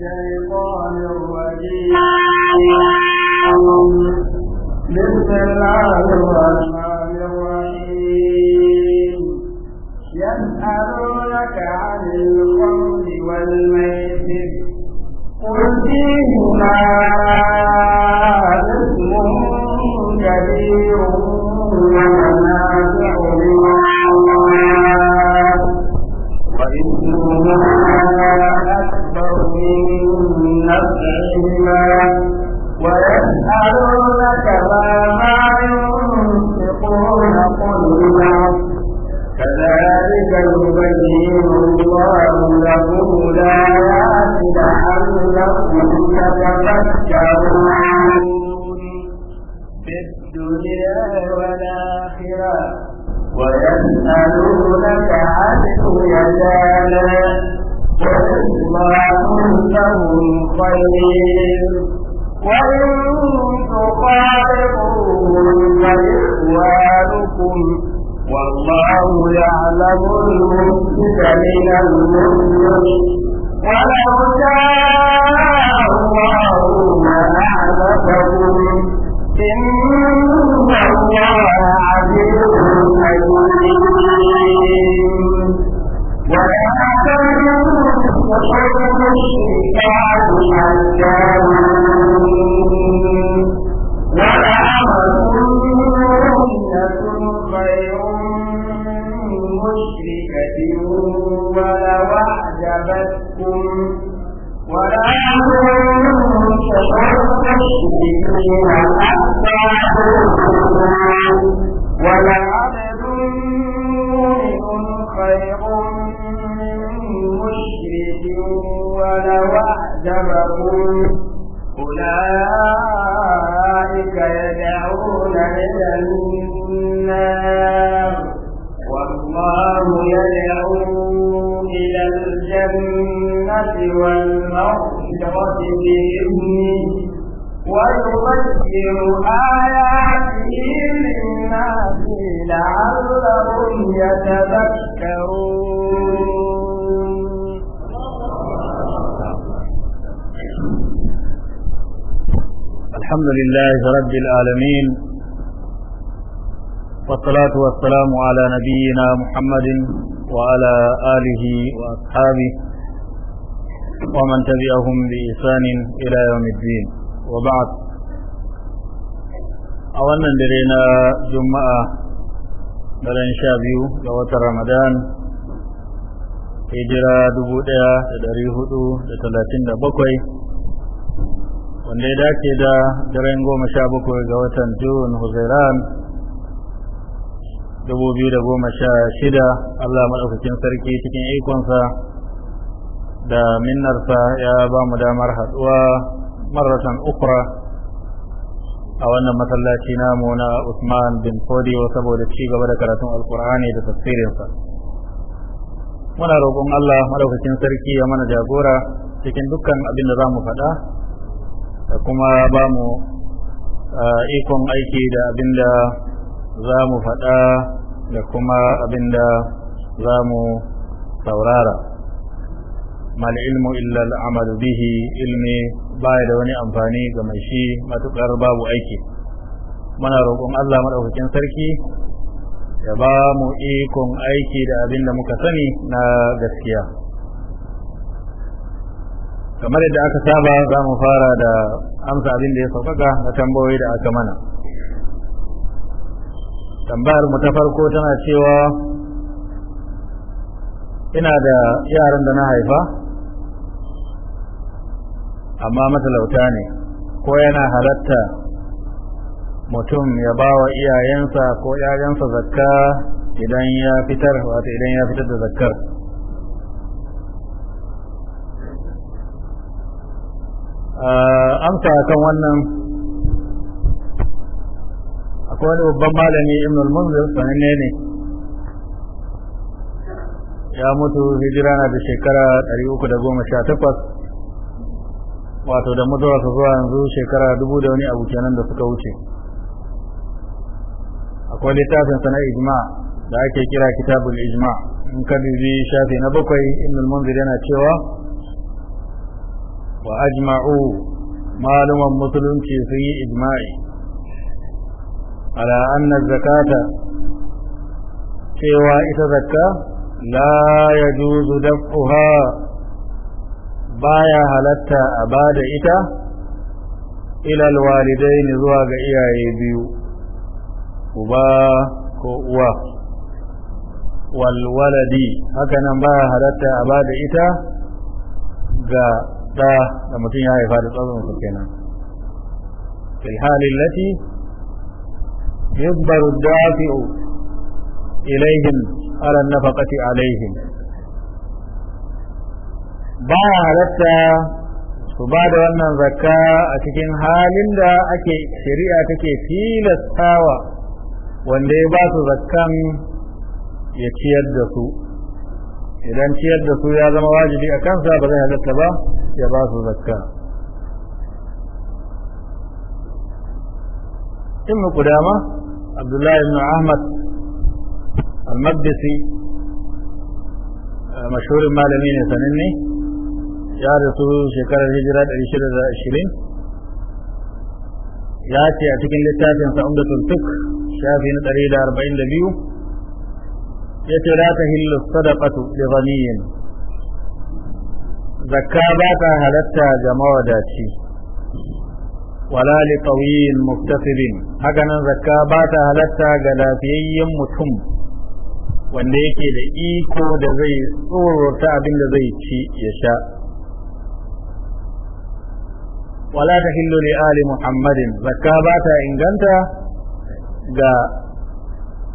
الشيطان الرجيم بسم الله الرحمن يَعْلَمُونَ لله رب العالمين والصلاة والسلام على نبينا محمد وعلى آله وأصحابه ومن تبعهم بإحسان إلى يوم الدين وبعد أولا درينا جمعة بل إن شاء بيو رمضان hijira dubu ɗaya da ɗari hudu da talatin da bakwai wanda ya dace da daren goma sha bakwai ga watan jun huzairan dubu biyu da goma sha shida allah maɗaukacin sarki cikin ikonsa da minnarsa ya ba mu damar haɗuwa maratan ukura a wannan masallaci namu na usman bin fodiyo saboda ci gaba da karatun alkur'ani da tafsirinsa muna roƙon allah maɗaukacin sarki ya mana jagora cikin dukkan abin da za mu faɗa da kuma ba mu ikon aiki da abinda za mu faɗa da kuma abinda za mu saurara mal ilmu illa al'amal bihi ilmi baya da wani amfani ga mai shi matukar babu aiki muna roƙon Allah madaukakin sarki ya ba mu ikon aiki da abin da muka sani na gaskiya kamar yadda aka saba za mu fara da amsa abin da ya sauƙaƙa na tambayoyi da aka mana tambayar mu ta farko tana cewa ina da yaran da na haifa amma matalauta ne ko yana halatta mutum ya ba wa iyayensa ko yayansa zakka idan ya fitar wato idan ya fitar da zakkar Eh, amsa kan wannan akwai wani babban malami ibn al-munzir sananne ne ya mutu hijira na da shekara 318 wato da mutuwa su zuwa yanzu shekara dubu da wani abu kenan da suka wuce akwai littafin sana ijma da ake kira kitabul ijma in ka dubi shafi na bakwai ibn al-munzir yana cewa wa ajma'u maluman musulunci sun yi ijma'i ala anna zakata cewa ita zakka la yajuzu daf'uha baya halatta a bada ita Ilal walidai ne zuwa ga iyaye biyu uba ko uwa wal waladi haka nan baya halatta a bada ita ga da da mutum ya haifa da tsazon su kenan fil halin lati yubbaru dafi'u ilaihim ala nafaqati alaihim ba halatta su ba da wannan zakka a cikin halin da ake shari'a take tilastawa wanda ya ba su zakkan ya ciyar da su idan ciyar da su ya zama wajibi a kansa ba zai halatta ba الاحتراز ذكاء ابن قدامة عبد الله بن أحمد المقدسي مشهور المعلمين سنني جار رسول شكر الهجرة الاشرة الاشرين ياتي اتكن لتاتي انسى عمدة الفك شافي نتريد اربعين لبيو يتي لا الصدقة لغني zakka ba ta halatta ga mawadaci wala li tawiyin muktasibin haka nan zakka ba ta halatta ga lafiyayyen mutum wanda yake da iko da zai tsorota abin da zai ci ya sha wala ta hillu li ali muhammadin zakka ba ta inganta ga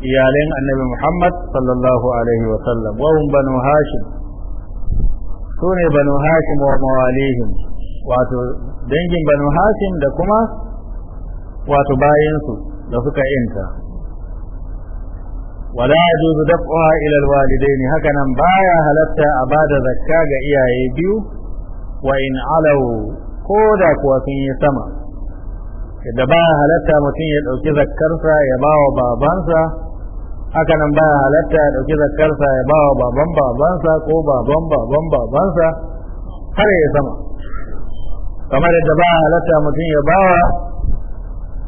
iyalan annabi muhammad sallallahu alaihi wa sallam wa hum banu hashim su ne banu hashim wa mawalihim wato dangin banu hashim da kuma wato bayansu da suka inta wala yajuzu daf'uha ila alwalidain haka nan baya halatta a bada zakka ga iyaye biyu wa in alaw ko da kuwa sun yi sama da ba halatta mutum ya dauki zakkarsa ya bawa babansa haka ba baya halatta ya dauki zakkarsa ya ba wa baban babansa ko baban baban babansa har ya sama kamar yadda ba halatta mutum ya ba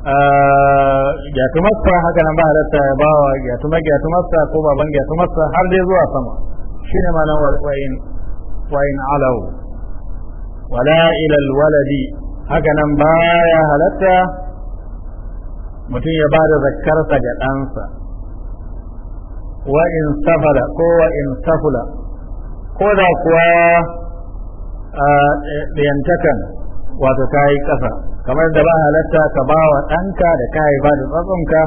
bawa gyatumarsa haka nan ba halatta ya ba bawa gyatumar gyatumarsa ko baban gyatumarsa har dai zuwa sama shi ne malam wa'in wa'in alau wala ilal waladi haka ba ya halatta mutum ya ba da zakkarsa ga ɗansa wa in safara ko wa in safula ko da kuwa ɗayantakan wato ta yi ƙasa kamar da ba halatta ka ba wa ɗanka da ka haifa da tsatsonka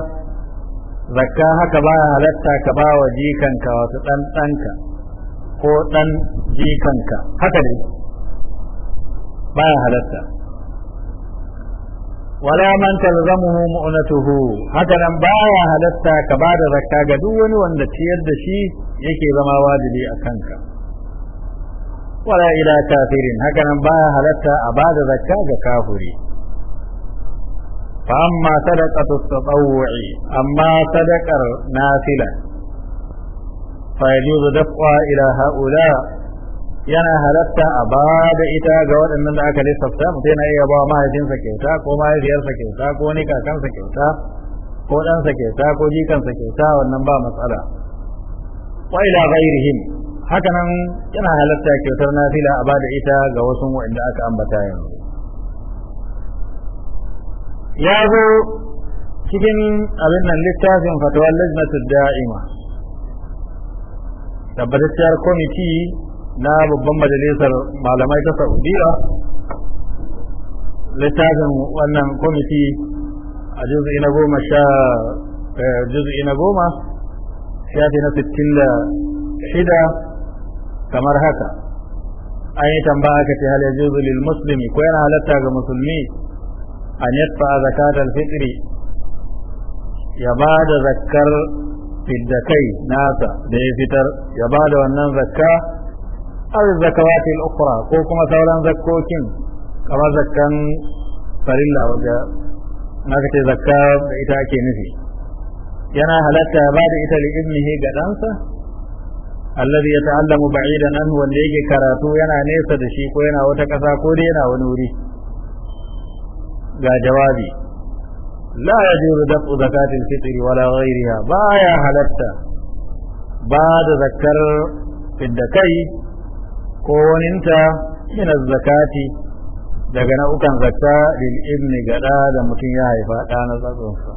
zakka haka ba halatta ka ba wa jikanka wato ɗan ɗanka ko ɗan jikanka haka dai ba halatta wala man talzamuhu mu'natuhu haka nan baya halarta ka ba da zakka ga duk wani wanda ciyar da shi yake zama wajibi a kanka wala ila kafirin haka baya halatta a ba da zakka ga kafiri fa amma sadaqatu tatawwu'i amma sadaqar nafila fa yajuzu daf'a ila ha'ula' yana halatta a ba da ita ga waɗannan da aka lissafta mutum yana iya ba mahaifinsa kyauta ko mahaifiyarsa kyauta ko wani kakansa kyauta ko ɗansa kyauta ko jikansa kyauta wannan ba matsala wa ila ghairihim haka nan yana halatta kyautar nafila a ba da ita ga wasu waɗanda aka ambata yanzu ya zo cikin abin nan littafin fatawar lajnatul da'ima tabbatacciyar kwamiti na babban majalisar malamai ta saudiya littafin wannan kwamiti a juzi na goma sha eh, juzi na goma shafi na sittin da shida kamar haka an yi tambaya aka ce hal yajuzu lil muslimi ko yana halatta ga musulmi an yadfa zakat al fitri ya ba da zakkar fiddakai nasa da ya fitar ya ba da wannan zakka aw zakawati al ko kuma sauran zakkokin kamar zakkan farilla wajen naka ce zakka da ita ake nufi yana halatta ba da ita li'ibnihi ga ɗansa alladhi yata'allamu ba'idan anhu wanda yake karatu yana nesa da shi ko yana wata ƙasa ko dai yana wani wuri ga jawabi la yajuzu daf'u zakati al-fitr wala ghayriha baya halarta. ba da zakkar fidda kai ko waninta min zakati daga nau'ukan zakka lil ibni gada da mutum ya haifa da na tsatsonsa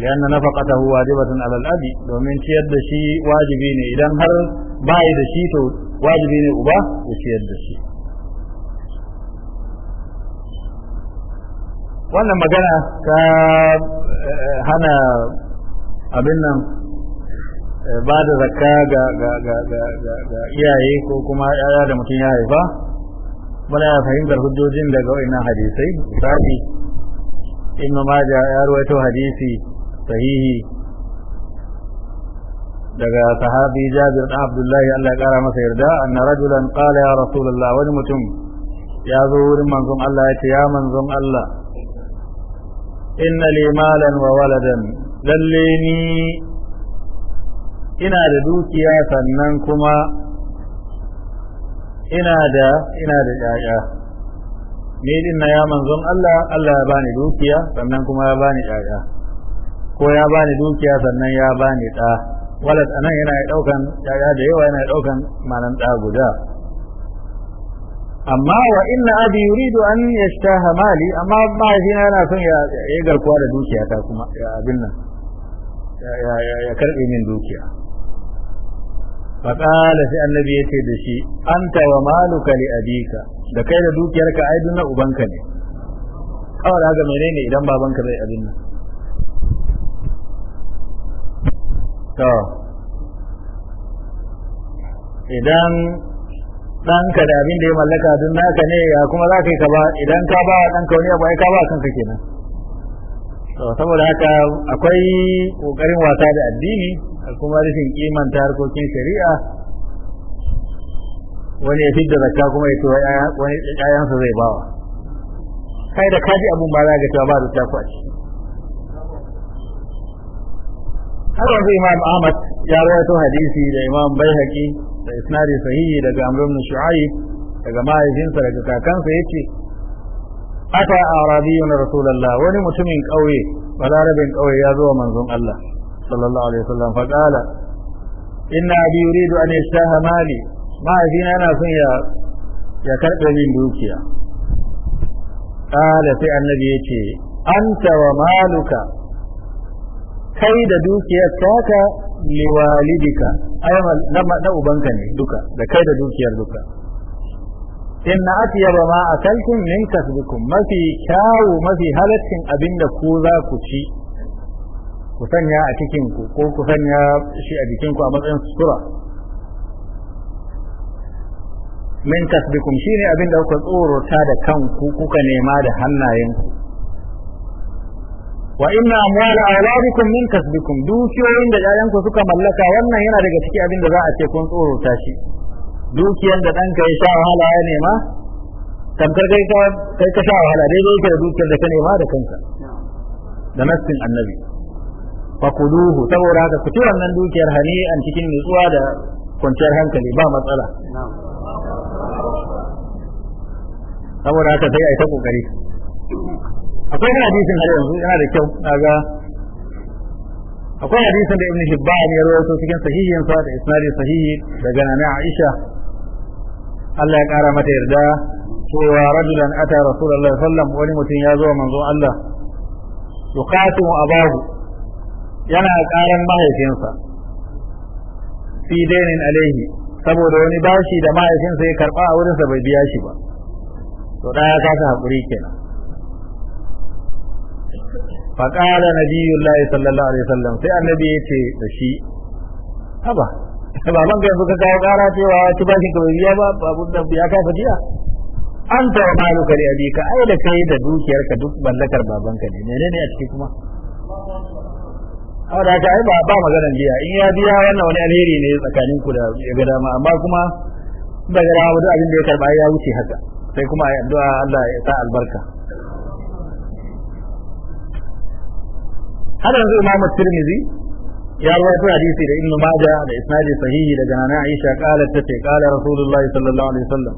lianna huwa wajibatun ala al-abi domin ciyar da shi wajibi ne idan har bai da shi to wajibi ne uba ya ciyar da shi wannan magana ka eh, hana abin nan Eh, ba da zakka ga iyaye ko kuma yaya da mutum ya haifa muna fahimtar hujjojin daga wa'annan hadisai misali ibnu maja ya rawaito hadisi sahihi daga sahabi jabir dan abdullahi Allah ya kara masa yarda anna rajulan qala ya rasulullah wani mutum ya zo wurin manzon Allah ya ce ya manzon Allah inna li malan wa waladan lalle ni ina da dukiya sannan kuma ina da ina da ƴaƴa ni din na ya manzon Allah Allah ya bani dukiya sannan kuma ya bani ƴaƴa ko ya bani dukiya sannan ya bani ɗa walad anan yana ɗaukan ƴaƴa da yawa yana ɗaukan malan ɗa guda amma wa inna abi yuridu an yashtaha mali amma ba shi yana son ya garkuwa da dukiya ta kuma abin nan ya karbe min dukiya faƙala sai annabi ya ce da shi anta wa maluka li abika da kai da dukiyarka ai duna ubanka ne kawai da haka menene idan babanka zai abin nan to idan ɗanka da abin da ya mallaka duk naka ne ya kuma za ka yi ka ba idan ka ba ɗanka wani abu ai ka ba kanka kenan to saboda haka akwai ƙoƙarin wasa da addini kuma rashin kimanta harkokin shari'a wani ya fidda zakka kuma ya ce wani ɗayansa zai bawa kai da kaji abun ba za ka cewa ba da ku a ciki har yanzu imam ahmad ya rawaito hadisi da imam baihaqi da isnadi sahihi daga amr ibn shu'aib daga mahaifinsa daga kakansa yace ata arabiyun rasulullah wani mutumin kauye balarabin kauye ya zo manzon Allah صلى الله عليه وسلم فقال إن أبي يريد أن يشتاه مالي ما فينا أنا سنيا يا كرب من قال في النبي أنت ومالك كيد دوكيا كاكا liwalidika ai na ubanka ne duka da kai da dukiyar duka inna atyaba ma akaltum min kasbikum mafi kyawu mafi halaccin abinda ku za ku ci ku sanya a cikin ku ko ku sanya shi a jikin ku a matsayin sutura min kasbikum shine abin da kuka tsorota da kanku kuka nema da hannayenku wa inna amwala awladikum min kasbikum dukiyoyin da ƴaƴanku suka mallaka wannan yana daga cikin abin da za a ce kun tsorota shi dukiyan da danka ya sha wahala ya nema tamkar kai ka sha wahala daidai yake da dukiyar da ka nema da kanka da nassin annabi fakuluhu saboda haka ku ci wannan dukiyar hani an cikin nutsuwa da kwanciyar hankali ba matsala saboda haka sai a yi ta kokari akwai hadisin har yanzu yana da kyau na kaga akwai hadisin da ibn hibban ya rawaito cikin sahihin sa da isnadi sahihi daga nana aisha Allah ya kara mata yarda cewa rajulan ata rasulullahi sallallahu alaihi wasallam wani mutum ya zo manzo Allah yuqatimu abahu yana karan mahaifinsa fi dainin alaihi saboda wani bashi da mahaifinsa ya karba a wurinsa bai biya shi ba to da ya kasa hakuri kenan faƙala nabiyullahi sallallahu alaihi wasallam sai annabi ya ce da shi haba baban ka yanzu ka kawo ƙara cewa ci bashi ka bai biya ba babun da ya kasa biya an ta wa kare da abika ai da kai da dukiyarka duk mallakar babanka ne menene a ciki kuma A haka ai ba ba maganar biya in ya biya wannan wani alheri ne tsakanin ku da ya ga dama amma kuma da ga dama duk abin da ya karba ya wuce haka sai kuma ai addu'a Allah ya sa albarka har yanzu Imam Tirmidhi ya rawaito hadisi da Ibn Majah da isnadi sahihi daga Nana Aisha qalat ce qala Rasulullahi sallallahu alaihi wasallam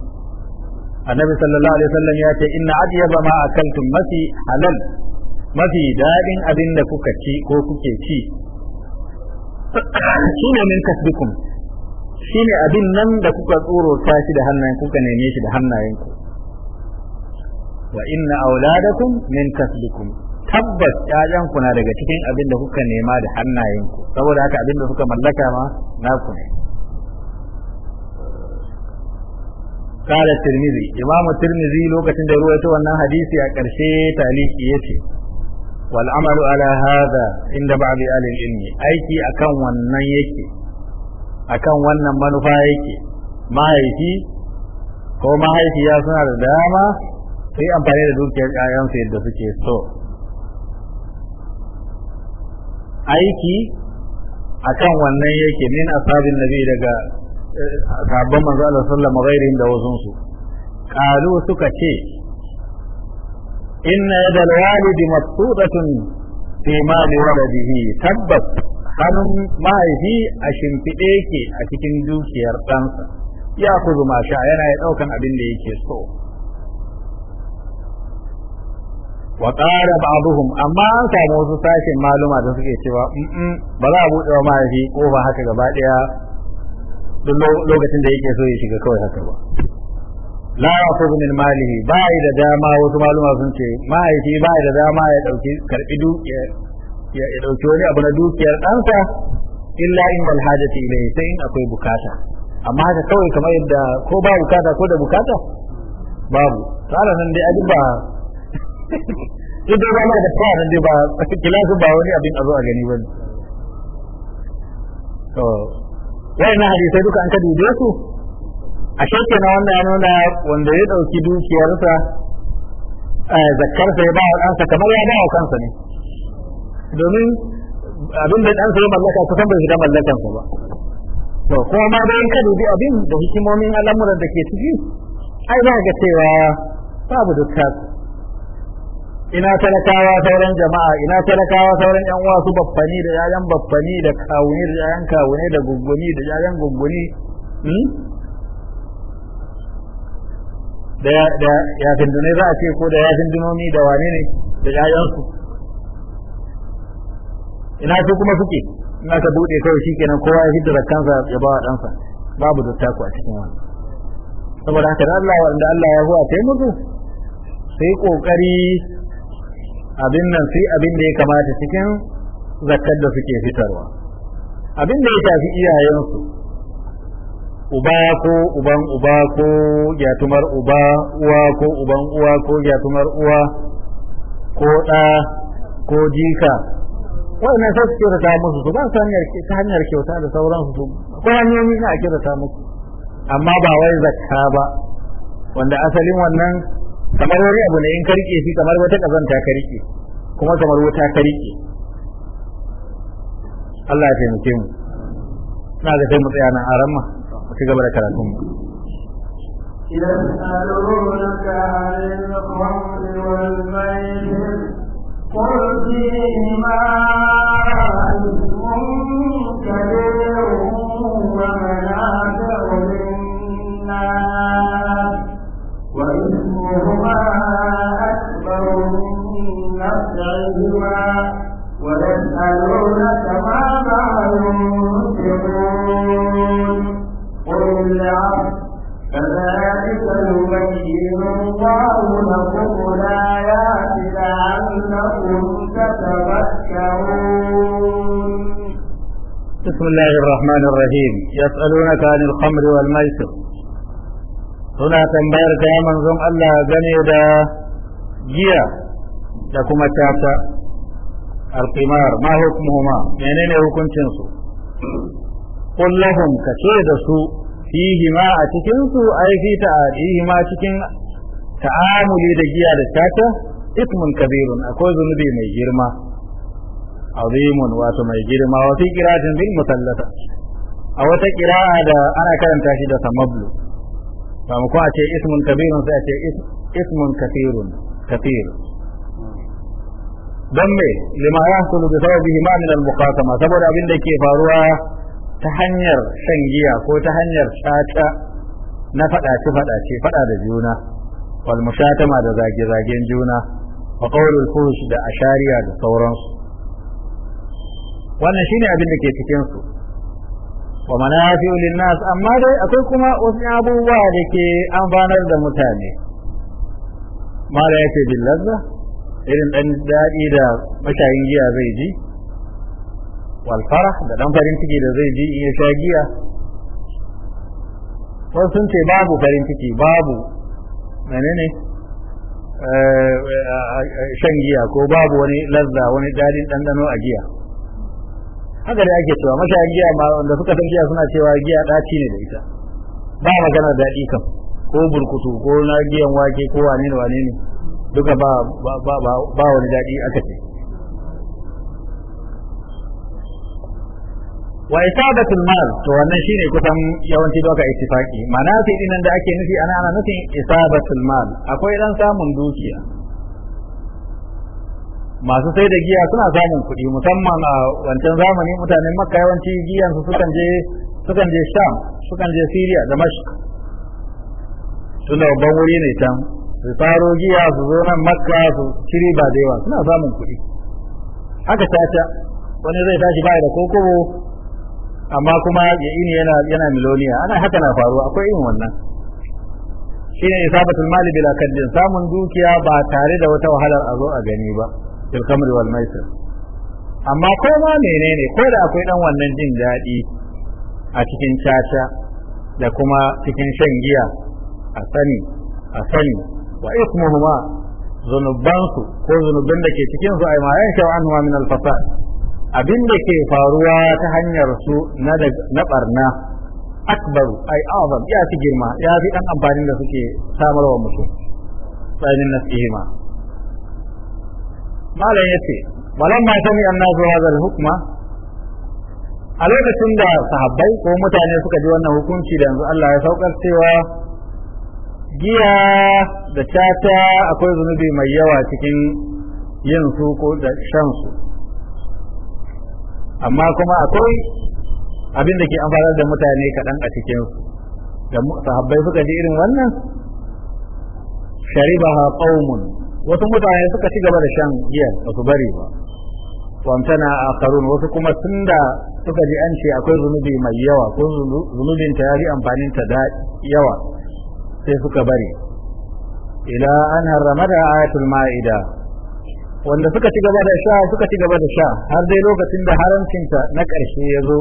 annabi sallallahu alaihi wasallam ya ce inna adyaba ma akaltum masi halal mafi daɗin abin da kuka ci ko kuke ci shi ne min kasbikum shi ne abin nan da kuka ta shi da hannayen kuka neme shi da hannayenku wa inna auladakum min kasbikum tabbas ƴaƴanku na daga cikin abin da kuka nema da hannayenku saboda haka abin da kuka mallaka ma naku ne قال الترمذي إمام الترمذي لوكة دروة وأنها حديثي أكرشي تعليق يتي والعمل على هذا عند بعض أهل العلم أيكي أكن ونن يكي yake ونن منفا يكي ما mahaifi ko mahaifiya suna da dama yi amfani da dukiyar ƴaƴansu yadda suke so aiki akan wannan yake min asabin nabi daga eh, sabon manzo Allah sallallahu alaihi wasallam da wasunsu kalu suka ce إن يد الوالد مبسوطة في مال ولده تبت hannun mahaifi a shimfiɗe ke a cikin dukiyar ɗansa ya kuzu masha yana ya ɗaukan abin da yake so wa ƙara ba'aduhum amma an samu wasu sashen maluma da suke cewa ba za a buɗe wa mahaifi ko ba haka gaba ɗaya duk lokacin da yake so ya shiga kawai haka ba la yafu min malihi ba da dama wasu maluma sun ce mahaifi ba da dama ya dauki karbi dukiya ya dauki wani abu na dukiyar ɗansa illa in bal hajati ilayhi sai in akwai bukata amma haka kawai kamar yadda ko ba bukata ko da bukata babu tsara nan dai aji ba duk da ba da tsara nan dai ba kilasu ba wani abin a zo a gani bane to wayannan hadisai duka an ka dube su a shekke na wanda ya nuna wanda ya ɗauki dukiyarsa eh, zakkarsa ya ba wa ɗansa kamar ya ba wa kansa ne domin abin da ɗansa ya mallaka kusan bai shiga mallakansa ba to kuma ma bayan ka dubi abin da hikimomin al'amuran da ke ciki ai za ga cewa babu dukkan ina talakawa sauran jama'a ina talakawa sauran yan uwa su baffani da yayan baffani da kawuni da yayan kawuni da gugguni da yayan gugguni hmm? da ya dindune za a ce ko da ya dindunomi da wane ne da ƴaƴansu ina su kuma suke ina ka buɗe kawai shikenan kowa ya hidda kansa ya ba wa ɗansa babu dattako a cikin wannan saboda haka Allah wanda Allah ya huwa sai mutu sai kokari abin nan sai abin da ya kamata cikin zakkar da suke fitarwa abin da ya tafi iyayensu uba ko uban uba ko gyatumar uba uwa ko uban uwa ko gyatumar uwa ko ɗa ko jika ina sai su kyautata musu su ba su hanyar ta hanyar kyauta da sauransu su ko hanyoyi ne a kyautata musu amma ba wai zakka ba wanda asalin wannan kamar wani abu ne in ka shi kamar wata kazanta ta rike kuma kamar wata ka Allah ya taimake mu na ga sai mu tsaya nan a ramma ci gaba da karatun يسألونك عن الخمر والميسر قل فيهما إثم كبير ومنافع للناس وإثمهما أكبر من نفعهما ويسألونك ماذا ينفقون أولي العقل كذلك يبين الله لكم الآيات لعلكم تتفكرون بسم الله الرحمن الرحيم يسألونك عن الخمر والميسر suna tambayar ka ya manzon gane da giya da kuma tata alqimar ma menene hukuncin su qul lahum da su fihi ma a cikin su ai fi ta'adihi ma cikin ta'amuli da giya da tata ismun kabirun akwai zunubi mai girma azimun wato mai girma wa fi qira'atin bil musallata a wata qira'a da ana karanta shi da samablu ba mu ko a ce ismun kabirun sai a ce ismun kathirun kathir dan me lima yahsulu bi sababihi ma min al muqasama saboda abin da ke faruwa ta hanyar shan giya ko ta hanyar tsata na faɗace faɗace faɗa da juna wal mushatama da zage zagen juna wa qawlul fuhsh da ashariya da sauransu wannan shine abin da ke cikin su wa manafi'u linnas amma dai akwai kuma wasu abubuwa da ke amfanar da mutane mala yake bil irin dan dadi da mashayin giya zai ji wal da dan farin ciki da zai ji in ya sha giya wasu sun ce babu farin ciki babu menene eh, eh, shan giya ko babu wani lazza wani dadin dandano a giya haka da ake cewa mashayan giya ma wanda suka san giya suna cewa giya daci ne da ita ba magana daɗi kam ko burkutu ko na giyan wake ko wane wane ne duka ba ba ba wani daɗi aka ce wa isabatul mal to wannan shine kusan yawanci doka ittifaki manasi din da ake nufi ana ana nufin isabatul mal akwai dan samun dukiya masu sai da giya suna samun kuɗi musamman a wancan zamani mutanen makka yawanci giyan su sukan je sukan je sham sukan je syria da mashk tunda babban wuri ne can su faro giya su zo nan makka su ciri ba da yawa suna samun kuɗi haka caca wani zai tashi ba da kokowo. amma kuma ya ini yana yana miloniya ana haka na faruwa akwai yin wannan shine isabatul mali bila kaddin samun dukiya ba tare da wata wahalar a zo a gani ba fil kamri wal maisir amma ko ma menene ko da akwai dan wannan jin daɗi a cikin caca da kuma cikin shan giya a sani a sani wa ismuhuma zunubansu ko zunubin da ke cikin su ai ma yansha'u anhu min al fasad abin da ke faruwa ta hanyar su na barna Akbar ai azam ya fi girma ya fi dan amfanin da suke samarwa musu tsanin nasihima malam yace ma sani annabi hadha hukma a lokacin da sahabbai ko mutane suka ji wannan hukunci da yanzu Allah ya saukar cewa giya da tata akwai zunubi mai yawa cikin yin su ko da shan su amma kuma akwai abin da ke amfanar da mutane kaɗan a cikin da sahabbai suka ji irin wannan sharibaha qaumun wasu mutane suka ci gaba da shan giyar ba su bari ba a karun wasu kuma tunda suka ji an ce akwai zunubi mai yawa ko zunubin ta yari amfanin ta da yawa sai suka bari ila an harramada ayatul ma'ida wanda suka ci gaba da sha suka ci gaba da sha har dai lokacin da haramcinta na ƙarshe ya zo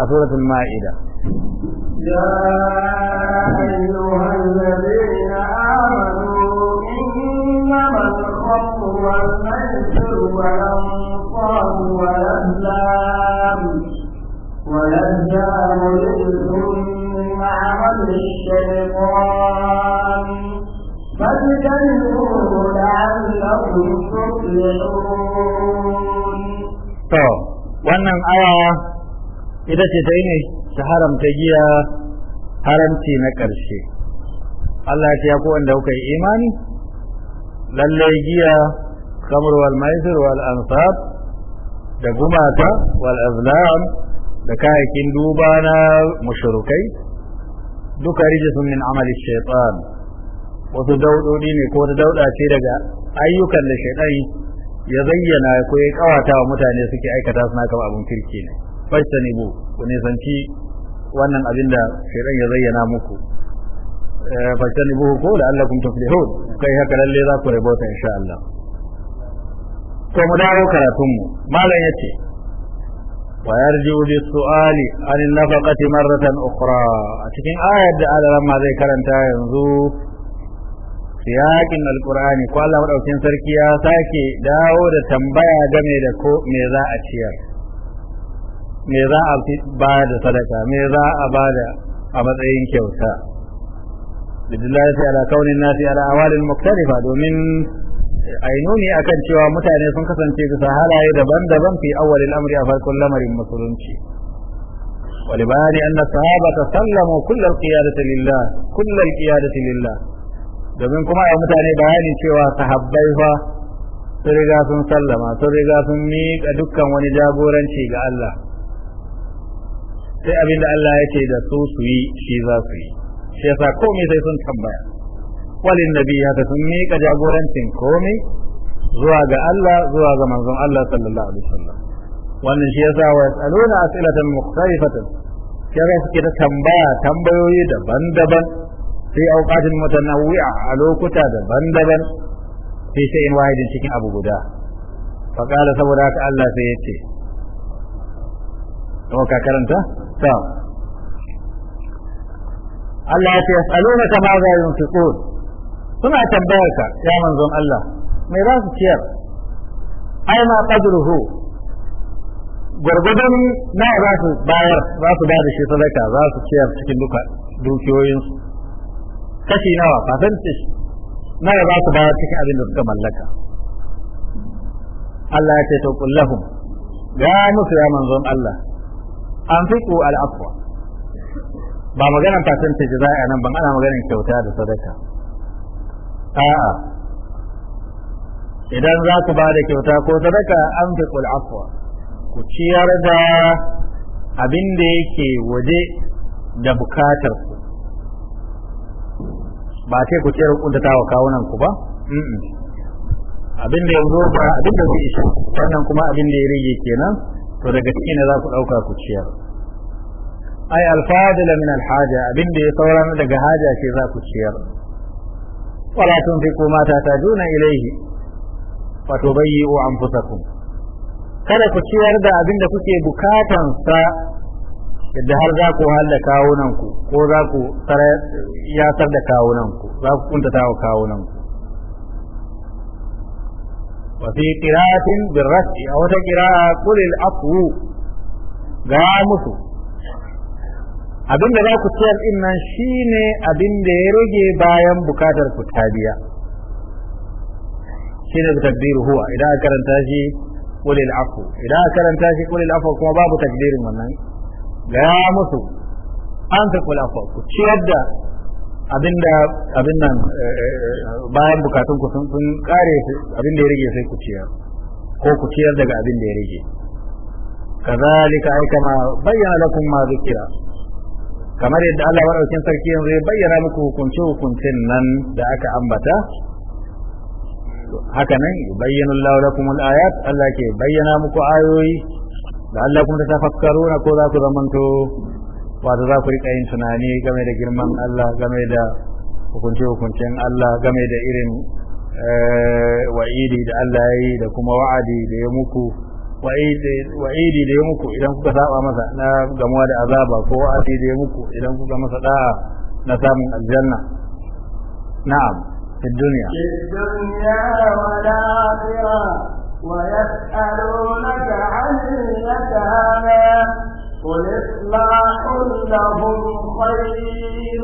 a suratul ma'ida ya ayyuhal ladina amanu innamal to wannan aya ita ce ta ne ta haramta giya haramci na ƙarshe Allah ya ku wanda kuka yi imani lallai giya kamar wal maisir wal ansab da gumata wal azlam da kayakin duba na mushrikai duka rijisun min amali shaitan wasu daudodi ne ko wata dauda ce daga ayyukan da shaidan ya zayyana ko ya kawata wa mutane suke aikata suna kama abin kirki ne fashta ne bu ku nisanci wannan abin da shaidan ya zayyana muku eh, fashta ne bu ko da Allah kun tuflihun kai haka lalle za ku rabota insha Allah to mu dawo karatun mu malam yace wa yarju bi su'ali an nafaqati marratan ukhra a cikin ayar da Allah ma zai karanta yanzu siyakin alkur'ani ko Allah madaukin sarki ya sake dawo da tambaya game da ko me za a ciyar me za a ba da sadaka me za a ba da a matsayin kyauta bidillahi ta ala nasi ala awalin muktarifa domin ainuni akan cewa mutane sun kasance da halaye daban-daban fi awwalil amri a farkon lamarin musulunci ولبعد أن الصحابة سلموا كل القيادة لله كل القيادة لله domin kuma a mutane bayani cewa sahabbai fa sun riga sun sallama sun riga sun miƙa dukkan wani jagoranci ga Allah sai abinda Allah ya ce da su su yi shi za su yi shi yasa komai sai sun tambaya walin nabi ta sun miƙa jagorancin komai zuwa ga Allah zuwa ga manzon Allah sallallahu alaihi wasallam wannan shi yasa wa yasaluna as'ilatan mukhtalifatan kaga suke ta tambaya tambayoyi daban-daban fi auqatin mutanawwi'a a lokuta daban-daban fi shay'in wahidin cikin abu guda fa saboda haka Allah sai yace to ka karanta to Allah ya ce yasaluna kama za yunfiqun suna tambayar ya Allah za su ciyar ai na za su bayar za su ba da shi sadaka za su ciyar cikin duka dukiyoyinsu kashi nawa percentage nawa za su bayar cikin abin da suka mallaka Allah ya ce to kullahum ya musu ya manzon Allah an fiku al'afwa ba maganar percentage za a nan ban ana maganar kyauta da sadaka a'a idan za ku ba da kyauta ko sadaka an fiku al'afwa ku ciyar da abin da yake waje da bukatar ku ba sai ku tsere kuntata wa kawunan ku ba abin da yanzu ba abin da zai isa wannan kuma abin da ya rage kenan to daga cikin ne za ku dauka ku ciyar ai alfadila min alhaja abin da ya sauran daga haja ce za ku ciyar wala tunfiqu ma tatajuna ilayhi wa tubayyi'u anfusakum kada ku ciyar da abin da kuke bukatan sa yadda har za ku halla kawunanku ko za ku yasar da kawunanku za ku kuntata wa qira'atin وفي aw ta qira'a qul al afu ga abin da za ku ce din nan shine abin da ya rage bayan bukatar ku ta biya shine da takdiru huwa idan aka karanta shi qul al idan aka karanta shi qul al kuma babu takdirin wannan gaya musu an ta kula ku ciyar da abinda abin nan eh, bayan bukatun ku sun sun kare abin da ya rage sai ku ciyar ko ku ciyar daga abin da ya rage kazalika ai kama bayyana lakum ma zikira kamar yadda Allah madaukakin sarki yanzu ya bayyana muku hukunce hukuncin nan da aka ambata haka nan bayyana lakum al-ayat Allah ke bayyana muku ayoyi da Allah kuma ta tafakkaruna ko za ku zamanto wato za ku riƙa yin tunani game da girman Allah game da hukunce hukuncen Allah game da irin eh, wa'idi da Allah ya yi da kuma wa'adi da ya muku wa'idi da ya muku idan kuka saba masa na gamuwa da azaba ko wa'adi da ya muku idan kuka masa da'a na samun aljanna na'am في الدنيا في الدنيا والآخرة ويسألونك عن اليتامى قل إصلاح لهم خير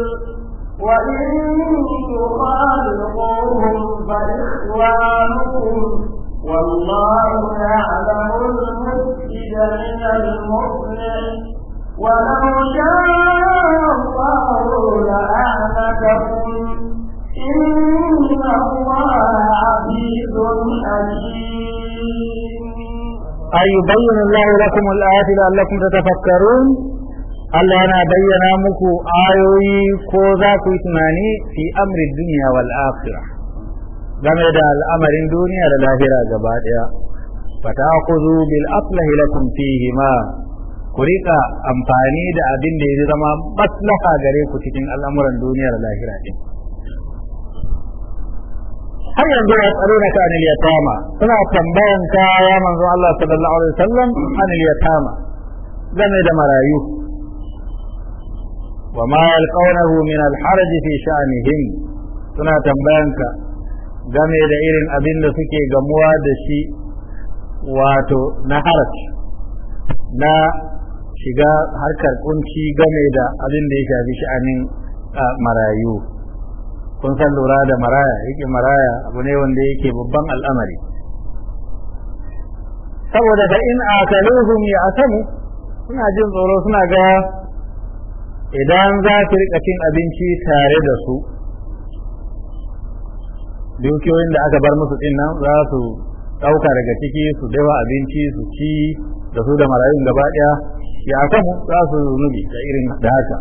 وإن تخالقوهم فإخوانكم والله يعلم المسجد من المؤمن ولو جاء الله لأعنتكم إن الله عزيز حكيم ay yubayyinu Allahu lakum al-ayati la'allakum tatafakkarun Allah na bayyana muku ayoyi ko za ku yi tunani fi amri dunya wal akhirah game da al'amarin duniya da lahira gaba daya fatakhudhu bil aslahi lakum fihi ma ku rika amfani da abin da ya zama maslaha gare ku cikin al'amuran duniya da lahira din har yanzu ya tsaro na kan yatama suna tambayan ka ya Allah sallallahu alaihi wasallam an yatama game da marayu wa ma yalqawnahu min al fi sha'nihim suna tambayan ka game da irin abin da suke gamuwa da shi wato na haraj na shiga harkar kunci game da abin da ya shafi sha'anin ah, marayu kun san lura da maraya yake maraya abu ne wanda yake babban al'amari saboda da in ataluhum ya asamu suna jin tsoro suna ga idan za ki rika cin abinci tare da su dukiyoyin da aka bar musu din nan za su ɗauka daga ciki su dawa abinci su ci da su da marayun gaba ɗaya ya asamu za su zunubi da irin da haka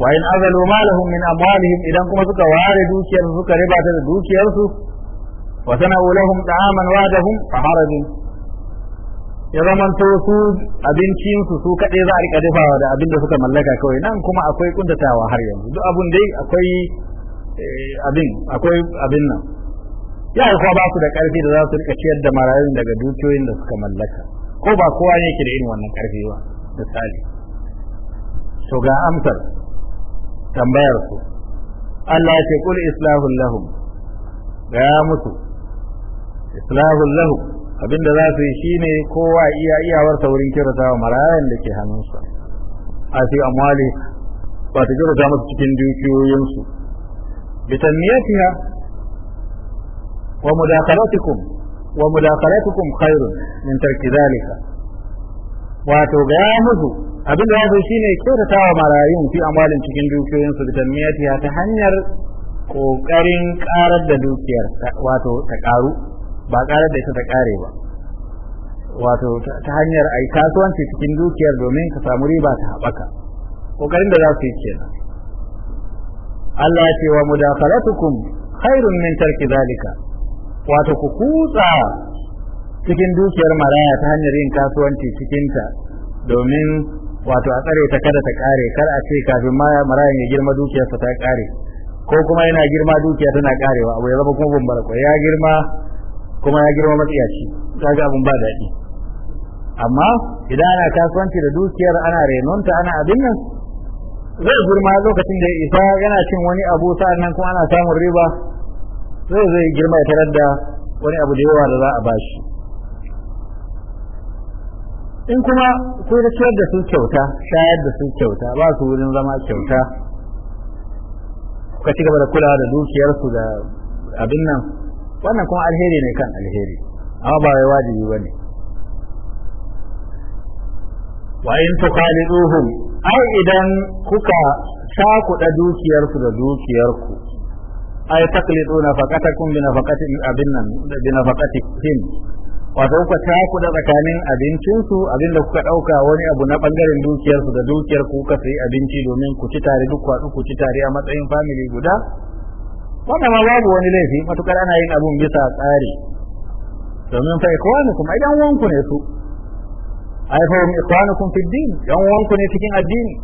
wa in azalu malahum min amwalihim idan kuma suka ware dukiyar suka riba ta da dukiyar su wa sana'u lahum ta'aman wadahum fa ya zamanto su abincin su su za a rika dafawa da abin da suka mallaka kawai nan kuma akwai kuntatawa har yanzu duk abin dai akwai eh, abin akwai abin nan ya kuwa ba su da ƙarfi da za su rika ciyar da marayun daga dukiyoyin da suka mallaka ko ba kowa ne ke da irin wannan ƙarfi ba misali to ga amsar tambayar su Allah ya ce kul islahul lahum ya mutu islahul lahum abinda za su yi shine kowa iya iyawar sa wurin kirata wa marayan da ke hannunsa a fi amwali ba ta kirata musu cikin dukiyoyinsu bitaniyatiha wa mudakhalatikum wa mudakhalatukum khairun min tarki dhalika wato ga ya musu abin da wato shine kyautata wa marayun fi amalin cikin dukiyoyin su da miyatiya ta hanyar kokarin karar da dukiyar wato ta karu ba karar da ita ta kare ba wato ta hanyar ai kasuwanci cikin dukiyar domin ka samu riba ta haɓaka kokarin da za su yi kenan Allah ya ce wa mudakhalatukum khairun min tarki zalika wato ku kutsa cikin dukiyar maraya ta hanyar yin kasuwanci cikinta domin wato a tsare ta kada ta kare kar a ce kafin ma marayan ya girma dukiyarsa ta kare ko kuma yana girma dukiya tana karewa abu ya zama kuma ko ya girma kuma ya girma matsiyaci kaga abun ba daɗi amma idan ana kasuwanci da dukiyar ana renonta ana abin nan zai girma lokacin da isa yana cin wani abu sa'an kuma ana samun riba zai zai girma ya tarar da wani abu da yawa da za a bashi in kuma sai da ciyar da su kyauta shayar da su kyauta ba su wurin zama kyauta ka ci gaba da kulawa da dukiyarsu da abin nan wannan kuma alheri ne kan alheri amma ba wai wajibi ba ne. wa in tuqaliduhum ai idan kuka cakuɗa dukiyarku da dukiyarku ai taqliduna faqatakum bi nafaqati abin nan bi nafaqatikum wato kuka da tsakanin abincinsu abinda kuka ɗauka wani abu na dukiyar dukiyarsu da dukiyar ku kuka sayi abinci domin ku ci tare duk kwatsu ku ci tare a matsayin famili guda wannan ma babu wani laifi matukar ana yin abun bisa tsari domin fa ikwanukum ai dan wanku ne su ai fa ikwanukum fi din dan wanku ne cikin addini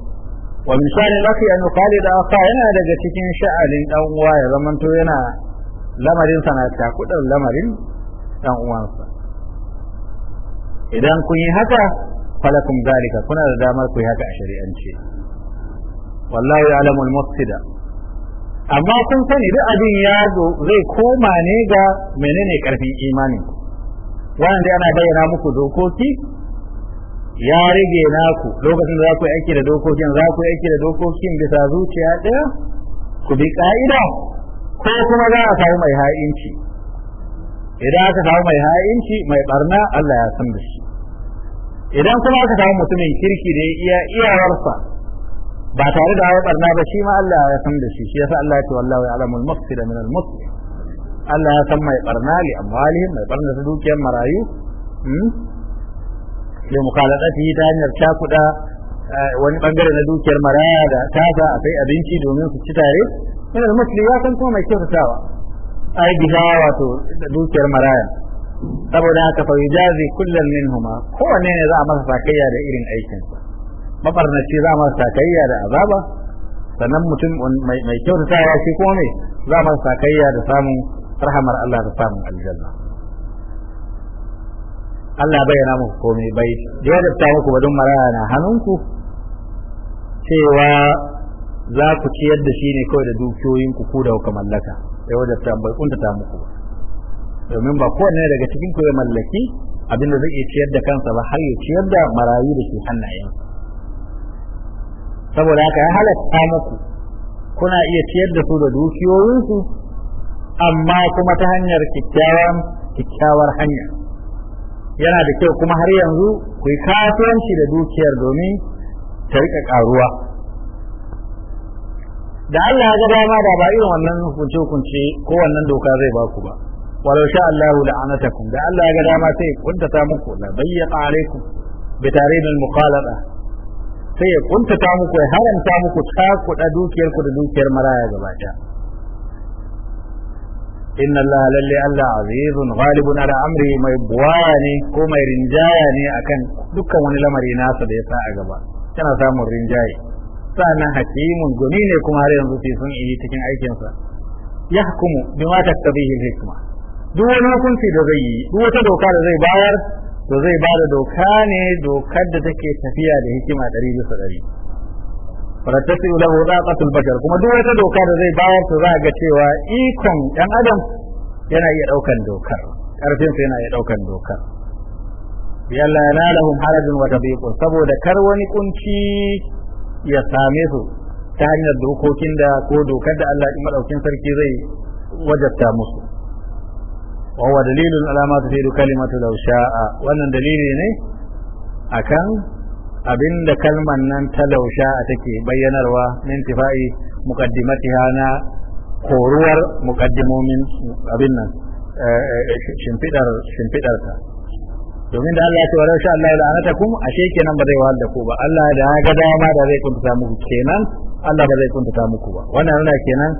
wa min sha'ani laki an da aka yana daga cikin sha'anin dan uwa ya zamanto yana lamarin sana ta kudan lamarin dan uwansa idan kun yi haka falakum zalika kuna da damar ku yi haka a shari'ance wallahi alamul mufsida amma kun sani duk abin ya zo zai koma ne ga menene karfin imanin wanda ana bayyana muku dokoki ya rage naku lokacin da za ku yi aiki da dokokin za ku yi aiki da dokokin bisa zuciya ɗaya ku bi ƙa'ida ko kuma za a samu mai ha'inci idan aka samu mai ha'inci mai barna Allah ya san da shi idan kuma aka samu mutumin kirki da ya iya iyawarsa ba tare da ya barna ba shi ma Allah ya san da shi shi yasa Allah ya ce wallahu ya'lamu al-mufsida min al-muslih Allah ya san mai barna li amwalihim mai barna da dukiyar marayu da hmm? mukalatati ta ta hanyar cakuda eh, wani bangare na dukiyar maraya da tasa a kai abinci domin su ci tare yana da musulmi ya san kuma mai kyautatawa ai biha wato dukiyar maraya saboda haka fa yujazi kullal minhuma kowanne ne za a masa sakayya da irin aikin sa mabarnaci za a masa sakayya da azaba sannan mutum mai ya shi kuma ne za a masa sakayya da samun rahamar Allah da samun aljanna Allah bai bayyana muku komai bai da ya dabta muku badun maraya na hannunku cewa za ku ciyar da shi ne kawai da dukiyoyinku ku da kuka mallaka ya wadatta bai kuntata muku domin ba kowanne daga cikin ku ya mallaki abin da zai iya ciyar da kansa ba har ya ciyar da marayu da ke hannayen saboda haka ya halatta muku kuna iya ciyar da su da dukiyoyinsu amma kuma ta hanyar kyakkyawan kyakkyawar hanya yana da kyau kuma har yanzu ku yi kasuwanci da dukiyar domin ta rika ƙaruwa. da Allah ya ga dama da ba irin wannan hukunce hukunce ko wannan doka zai ba ku ba walau sha Allah la'anatakum da Allah ya ga dama sai kuntata muku la bayyaqa alaikum bi tarimil muqalada sai ya kuntata muku ya haramta muku takuda dukiyar ku da dukiyar maraya gaba ɗaya inna Allah lalle Allah azizun ghalibun ala amri mai buwaya ne ko mai rinjaya ne akan dukkan wani lamari nasa da ya sa a gaba tana samun rinjaye sannan hakimun gumi ne kuma har yanzu sai sun yi cikin aikinsa ya hukumu bima tattabihi hikma duk wani hukunci da zai yi duk wata doka da zai bayar to zai ba da doka ne dokar da take tafiya da hikima dari. bisa ɗari farattasi lahu daqatul bashar kuma duk wata doka da zai bayar to za ga cewa ikon dan adam yana iya daukan dokar karfin sa yana iya daukan dokar yalla lahum harajun wa tabiqun saboda kar wani kunci ya same su ta hanyar dokokin da ko dokar da Allah in maɗaukin sarki zai wajabta musu wa dalilin dalilun alama ta fi kalimatu law sha'a wannan dalili ne akan abinda kalman nan ta lausha a take bayyanarwa min tifa'i muqaddimatiha na koruwar muƙaddimomin abin nan eh, eh, eh, shimfidar shimfidarta domin da Allah ya ce wa rasha Allah ya la'anata kum ashe kenan ba zai wahal da ku ba Allah da ya ga dama da zai kunta muku kenan Allah ba zai kunta muku ba wannan nuna kenan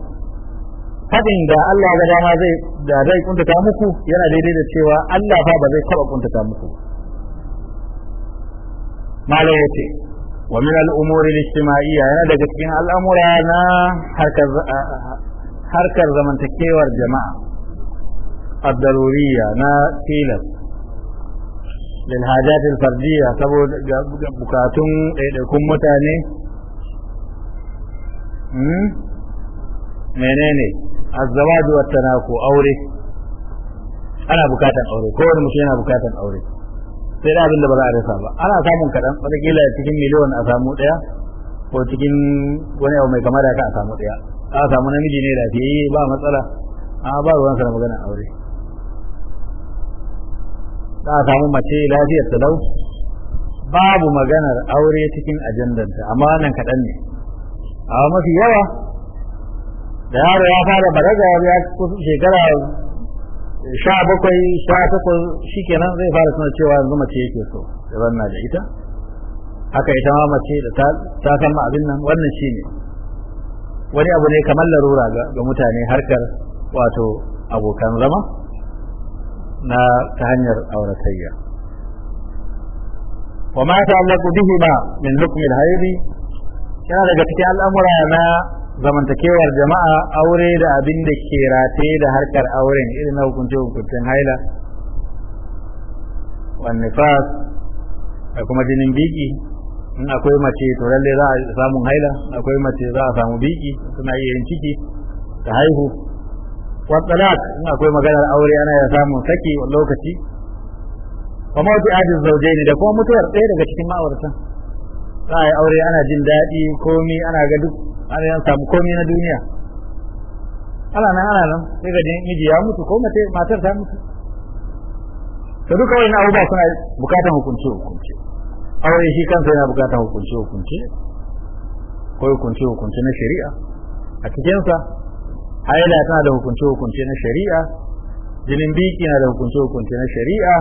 hadin da Allah ga dama zai da zai kunta muku yana daidai da cewa Allah fa ba zai taba kunta muku mala yace wa min al-umur al-ijtima'iyya yana daga cikin al'amura na harkar harkar zamantakewar jama'a ad-daruriyya na tilas lil hajatil fardiyya saboda bukatun ɗaiɗaikun mutane hmm? menene azzawaju wat tanaku aure ana bukatan aure kowane mutum yana bukatan aure sai da abin da ba za a rasa ba ana samun kaɗan wataƙila cikin miliyon a samu ɗaya ko cikin wani abu mai kama da ka a samu ɗaya a samu namiji ne da fiye ba matsala a ba ruwan sa magana aure za a samu mace lafiyar talau babu maganar aure cikin ajandanta amma nan kaɗan ne amma mafi yawa da yaro ya fara baraga ya kusa shekara sha bakwai sha takwas shi kenan zai fara suna cewa yanzu mace yake so da zanna da ita haka ita ma mace da ta san abin nan wannan shi ne wani abu ne kamar larura ga mutane harkar wato abokan zama na ta hanyar auratayya wa ma ta'allaqu bihi ma min hukm al yana daga cikin al'amura na zamantakewar jama'a aure da abin da ke rataye da harkar auren irin na hukunce hukuncin haila wa nifas da kuma jinin biki in akwai mace to lalle za a samu haila akwai mace za a samu biki suna iya yin ciki ta haihu wa talat in akwai maganar aure ana ya samun saki wani lokaci wa mawti ajiz zawjaini da kuma mutuwar ɗaya daga cikin ma'auratan za a yi aure ana jin daɗi komi ana ga duk ana yan samu komi na duniya ana nan ana nan sai ga miji ya mutu ko mace matar ta mutu to duka wani abubuwa suna bukatan hukunce hukunce aure shi kansa yana bukatan hukunce hukunce ko hukunce hukunce na shari'a a cikinsa haila tana da hukunce hukunce na shari'a jinin biki na da hukunce hukunce na shari'a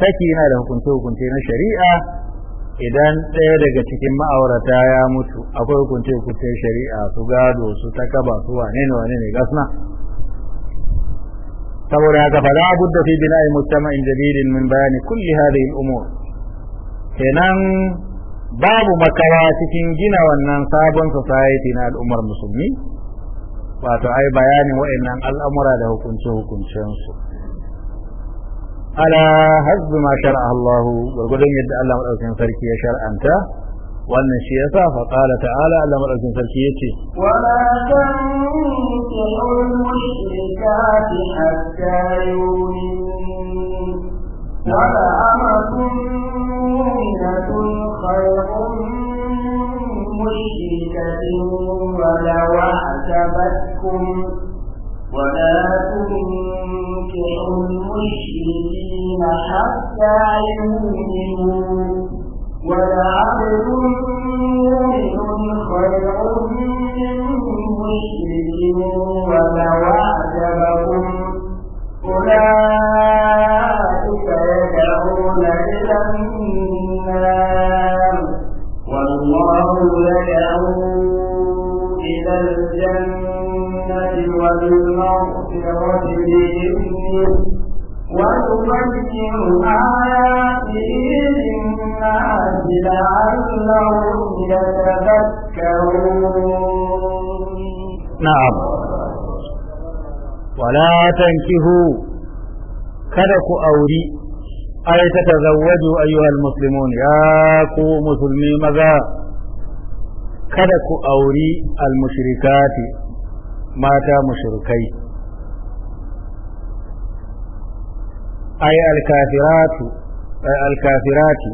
saki na da hukunce hukunce na shari'a idan ɗaya daga cikin ma'aurata ya mutu akwai hukunce hukunce shari'a su gado su takaba su wane ne wane ne gasna saboda haka fa la budda fi bina'i mujtama'in jadidin min bayani kulli hadhihi al-umur kenan babu makara cikin gina wannan sabon society na al'ummar musulmi wato ai bayanin wa'annan al'amura da hukunce hukuncensu ala hazzu ma shar'a Allah gurgudun yadda Allah madaukakin sarki ya shar'anta wannan shi yasa fa qala ta'ala Allah madaukakin sarki yace wala tankihu mushrikati hatta yu'min wala amatun minatun khayrun مشركة ولو أعجبتكم ولا تنكحوا المشركين حتى يؤمنوا ولعبد مؤمن خير من مشرك ولو أعجبكم أولئك يدعون إلى النار يدعو إلى الجنة وبالمغفرة بإذنه ونبين آياته للناس لعلهم يتذكرون نعم ولا تنكهوا كدك أوري أي تتزوجوا أيها المسلمون يا كو مسلمي مذا kada ku auri almushrikati mata mushrikai ay alkafiratu ay alkafirati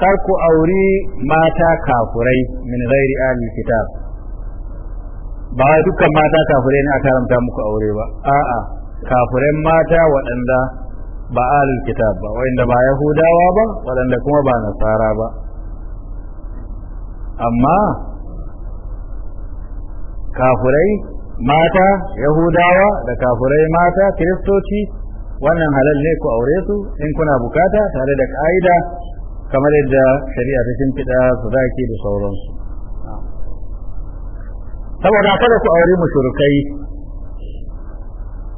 kar ku auri mata kafurai min ghairi ahli kitab ba dukkan mata kafurai ne aka ramta muku aure ba a'a kafurai mata waɗanda ba ahli kitab ba waɗanda ba yahudawa ba waɗanda kuma ba nasara ba amma kafurai mata yahudawa da kafurai mata kiristoci wannan halal ne ku aure su in kuna bukata tare da ka'ida kamar yadda shari'a ta shimfiɗa su zaki da sauransu saboda kada ku aure mushrikai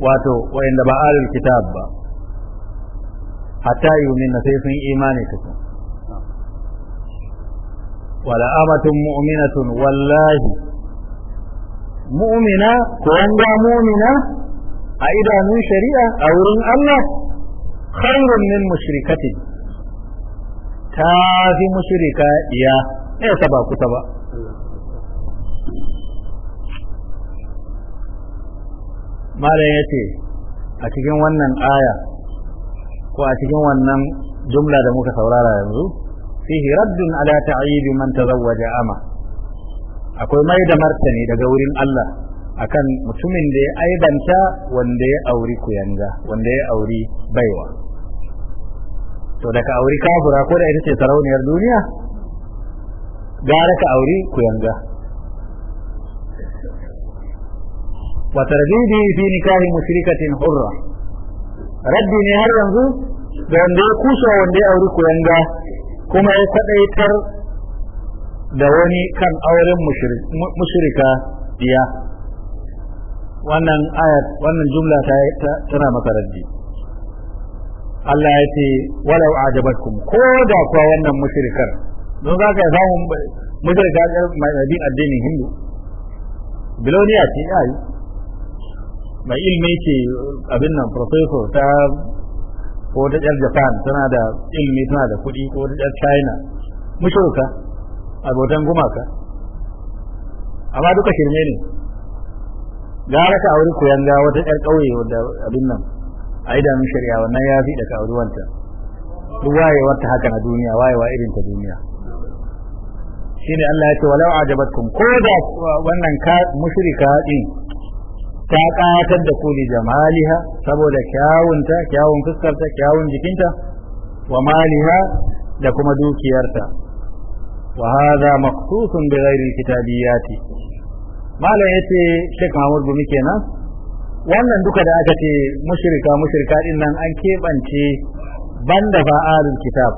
wato wayanda ba alul kitab ba hatta yumin na sai sun imani tukun wala amatun mu'minatun wallahi mu'mina ko wanda mu'mina a idanun shari'a a wurin Allah khairun min mushrikati ta fi mushrika iya ne ta ba kuta ba malam ya ce a cikin wannan aya ko a cikin wannan jumla da muka saurara yanzu fihi raddun ala ta'yib waje tazawwaja ama akwai mai da martani daga wurin Allah akan mutumin da ya aibanta wanda ya auri kuyanga wanda ya auri baiwa to daga auri kafura ko da ita ce sarauniyar duniya gara ka auri yanga. wa tarjidi fi nikahi mushrikatin hurra raddi ne har yanzu da wanda ya kusa wanda ya auri yanga. kuma ya kwaɗaitar da wani kan auren mushirika diya wannan ayat wannan jumla ta tana maka Allah ya ce walau ajabatkum ko da kuwa wannan mushirikar don za ka samu mushrika mai abin addinin hindu biloniya ce yayi mai ilmi ce abin nan professor ta ko wata ƴar japan tana da ilimi tana da kuɗi ko wata ƴar china mushruka abotan gumaka amma duka shirme ne gara ka auri kuyanga wata ƴar ƙauye da abin nan a mun shari'a wannan ya fi da ka auri wanta duk wayewar ta haka na duniya wayewa irin ta duniya shine Allah ya ce walau ajabatkum ko da wannan ka mushrika din ta ƙayatar da kuli da jamaliha saboda kyawunta kyawun fuskarta kyawun jikinta wa maliha da kuma dukiyarta wa hadha maqsusun bi ghairi alkitabiyati malam yace shek Mahmud Gumi kenan wannan duka da aka ce mushrika mushrika din nan an kebance banda fa'alul kitab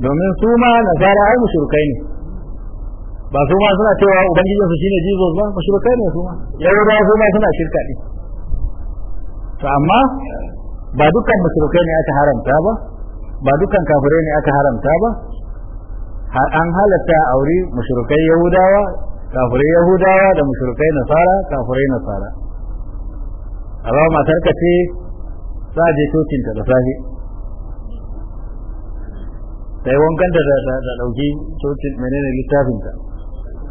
domin su ma nazara ai mushrikai ne ba su ma suna cewa ubangijin su shine jesus ba ba shirkai ne su ma yayin su ma suna shirka ne to amma ba dukkan mushrikai ne aka haramta ba ba dukkan kafirai ne aka haramta ba an halatta aure mushrikai yahudawa kafirai yahudawa da mushrikai nasara kafirai nasara amma matar ka ce za je cocin ta da safe sai wankan da dauki cocin menene ta?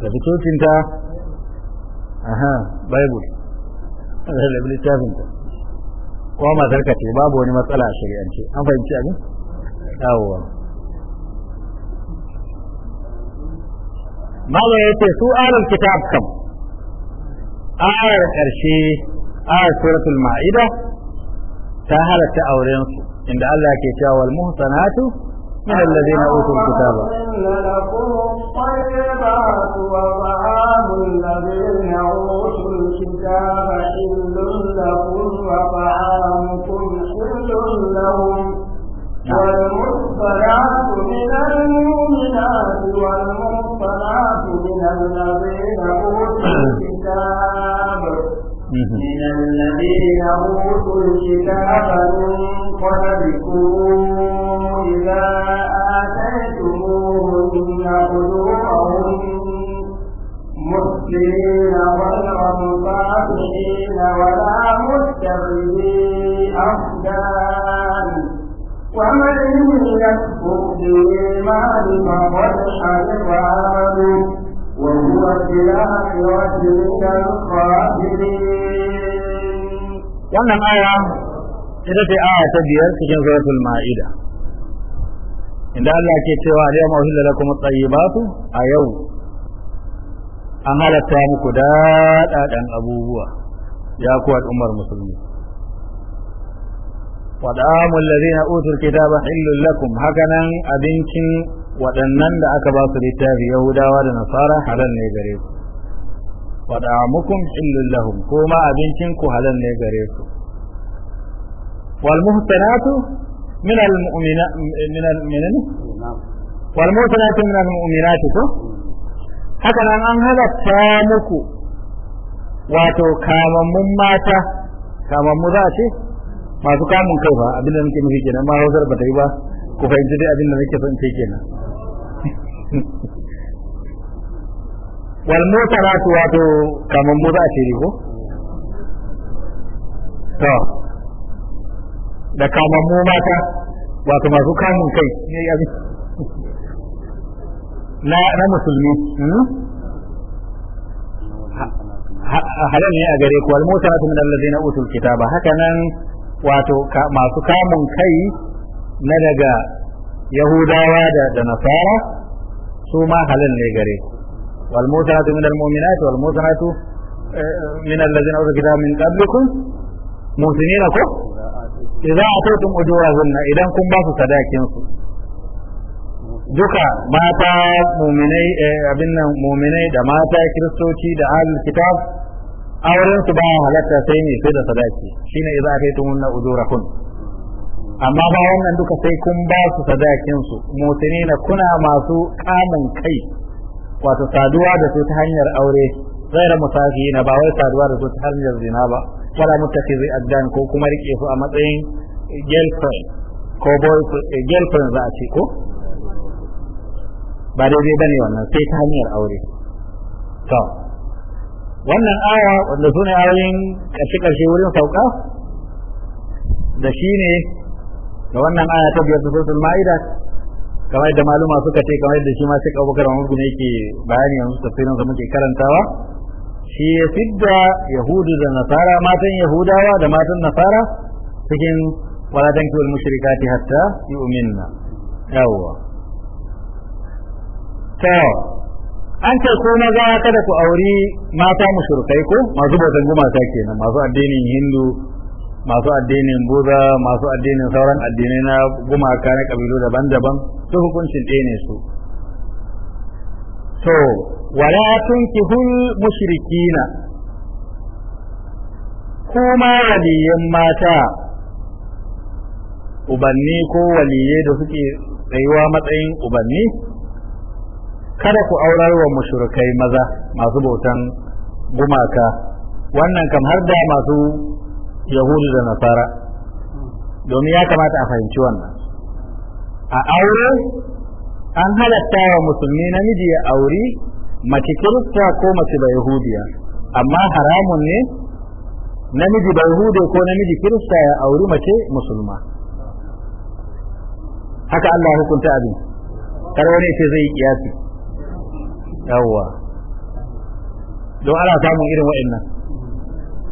da fitocinta aha bible da littafinta ko matarka ce babu wani matsala a shari'ance an fahimci abin yawwa mala ya ce su alal kitab kam ayar ƙarshe ayar suratul ma'ida ta halatta auren su inda Allah ke cewa wal muhsanatu min alladhina utul kitaba والتوراة وطعام الذين أوتوا الكتاب حل لكم وطعامكم حل لهم والمحصنات من المؤمنات والمحصنات من الذين أوتوا الكتاب من الذين أوتوا الكتاب من قبلكم إذا آتيتم يوفي أجورهم مسلمين غير مصافحين ولا متخذي أخدان ومن يكفر بالإيمان فقد حبط عمله وهو في الآخرة من الخاسرين. wannan aya ita ce aya ta biyar cikin suratul ma'ida inda Allah ke cewa al yawma uhilla lakum at a yau an halatta muku daɗaɗan abubuwa ya ku al'ummar musulmi وطعام الذين أوتوا الكتاب حل لكم هكذا أبنكم waɗannan da aka ba su littafi yahudawa da nasara halal ne gare su wa da'amukum illul kuma abincin ku halal ne gare su wal من المؤمنات من المؤمنين والمؤمنات من المؤمنات haka nan an halatta muku wato kamammun mata kamammu za a ce masu kamun kai ba abin da muke nufi kenan ma hausar ba ta yi ba ku fahimci dai abin da nake son kenan wal wato kamammu za ko to da kaman mu mata wato masu kamun kai ne yabi na na musulmi halal ne a gare ku wal mutatu min alladhina utul kitaba haka nan wato masu kamun kai na daga yahudawa da da nasara su ma halal ne gare ku wal mutatu min al mu'minati wal mutatu min alladhina utul kitaba min qablikum mu'minina ko idza ataytum ujurahunna idan kun ba su duka mata muminai eh, abin nan muminai da mata kiristoci da ahlul kitab auren su ba halatta sai ne sai da sadaki shine idza ataytumunna ujurahun amma ba wannan duka sai kun ba su sadakin su kuna masu kamun kai wato saduwa da su ta hanyar aure zaira musafi na ba wai saduwa da su ta hanyar zina ba wala muttakhidhi addan ko kuma rike su a matsayin girlfriend ko eh, girlfriend za a ce ko ba daidai bane wannan sai ta hanyar aure to wannan aya wanda sune ayoyin karshe karshe wurin sauka da shi ne da wannan aya ta biyar ta suratul ma'ida kamar da maluma suka ce kamar da shi ma sai Abubakar Mahmud ne yake bayani yanzu tafsirin sa muke karantawa shi ya fidda yahudu da nasara matan yahudawa da matan nasara cikin wala tankihul mushrikati hatta yi yu'minna yawwa to an ce ko maza kada ku auri mata mushrikai ko masu bautan gumata kenan masu addinin hindu masu addinin Buza masu addinin sauran addinai na gumaka na kabilu daban-daban su hukuncin ɗaya ne su to wala tunkihul mushrikina kuma waliyan mata ubanni ko waliye da suke tsayuwa matsayin ubanni kada ku aurar wa mushrikai maza masu bautan gumaka wannan kam har da masu yahudu da nasara domin ya kamata a fahimci wannan a aure an halatta wa musulmi namiji ya auri mace kirista ko mace da yahudiya amma haramun ne namiji da yahude ko namiji kirista ya auri mace musulma haka Allah hukunta abin kar wani ce zai kiyasi yawwa don ana samun irin wa'annan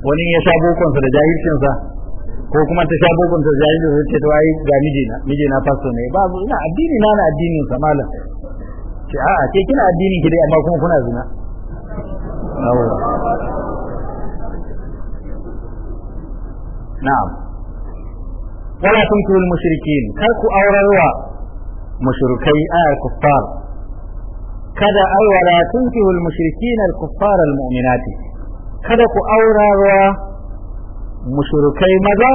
wani ya sha bokonsa da jahilcinsa ko kuma ta sha bokon ta zai da ce ta wayi ga mijina na fasto ne ba ina addini na na addinin sa malam ce a ce kina addini ki dai amma kuma kuna zina na'am wala tunkirul mushrikin kar ku aurarwa mushrikai ayar kuffar kada ai wala tunkirul mushrikin al kuffar al mu'minati kada ku aurarwa mushrikai maza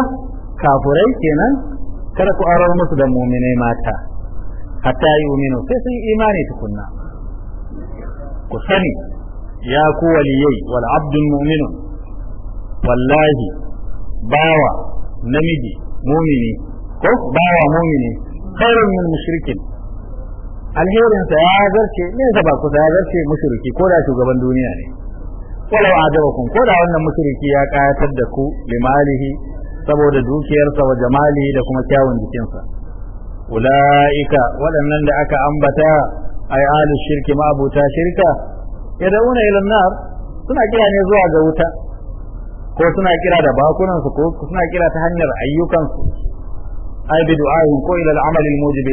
kafurai kenan kada ku aurar musu da muminai mata hatta yu'minu sai sun imani tukunna ku sani ya ku waliyai wal abdul mu'minu wallahi bawa namiji mumini ko bawa mumini khairun min mushrikin alherin sa ya zarce ne ba ku sa ya zarce mushriki ko da shugaban duniya ne walau ko da wannan mushriki ya kayatar da ku limalihi saboda dukiyarsa wa jamalihi da kuma kyawun jikinsa ula'ika waɗannan da aka ambata ai alu shirki ma'abuta shirka yad'una ila nar suna kira ne zuwa ga wuta ko suna kira da bakunan su ko suna kira ta hanyar ayyukan su ai bi ko ila al al-mujib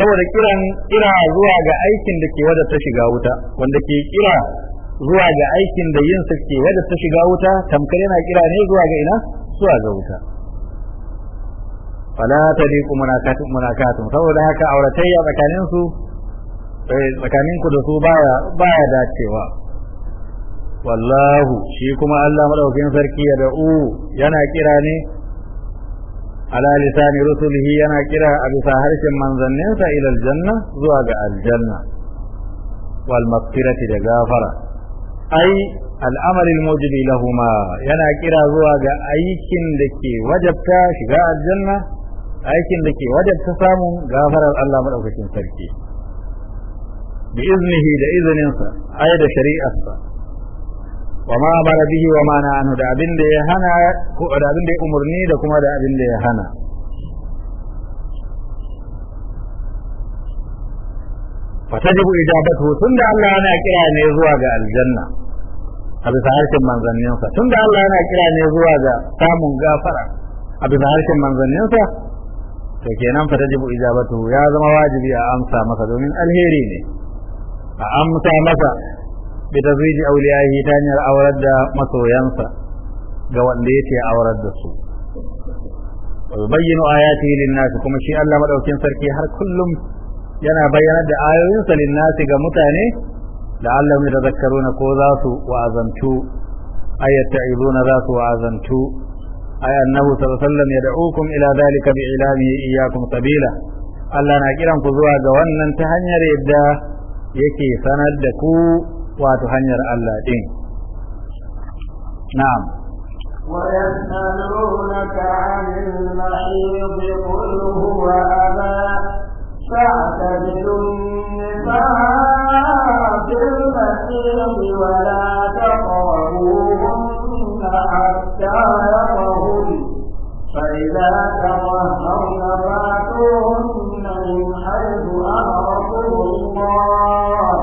saboda kiran kira zuwa ga aikin da ke wadda ta shiga wuta wanda ke kira zuwa ga aikin da yin sa ke wadda ta shiga wuta tamkar yana kira ne zuwa ga ina zuwa ga wuta fala ta dai ku munakatun saboda haka auratayya tsakanin su eh, tsakanin ku da su baya baya dacewa wallahu shi kuma Allah madaukakin sarki ya da'u yana kira ne ala lisani rusulihi yana kira a bisa harshen manzanninsa ila aljanna zuwa ga aljanna wal maghfirati da gafara ai al'amarin mujibi lahuma yana kira zuwa ga aikin da ke wajabta shiga aljanna aikin da ke wajabta samun gafarar Allah maɗaukakin sarki bi iznihi da izininsa ai da shari'arsa wa ma amara bihi wa ma da abin da ya hana ko da abin da ya umarni da kuma da abin da ya hana فتجب إجابته ثم الله أنا كلا نزوا جا الجنة أبي سهر كم من زنيان سا ثم الله أنا كلا نزوا جا تامون جا أبي سهر من زنيان سا فتجب إجابته يا زما واجب يا أمسا مثلا من الهيرين أمسا مثلا بتزويج أوليائه تاني الأورد مثلا ينسا جوان ديت أورد سو ويبين آياته للناس كما شيء الله مدعوكين فركي هر كلهم yana bayyana da ayoyinsa linnasi ga mutane da Allah la'allahum yatadhakkaruna ko za su wa'azantu ayatta'izuna za su wa'azantu ay annahu sallallahu alaihi wasallam yad'ukum ila dhalika bi'ilamihi iyyakum sabila Allah na kiran ku zuwa ga wannan ta hanyar yadda yake sanar da ku wato hanyar Allah din na'am ويسألونك عن المحيض قل هو أذى فاعتبروا النساء في المسيح ولا تقربوهن حتى يطهرن فإذا تطهرن فاتوهن من حيث أمركم الله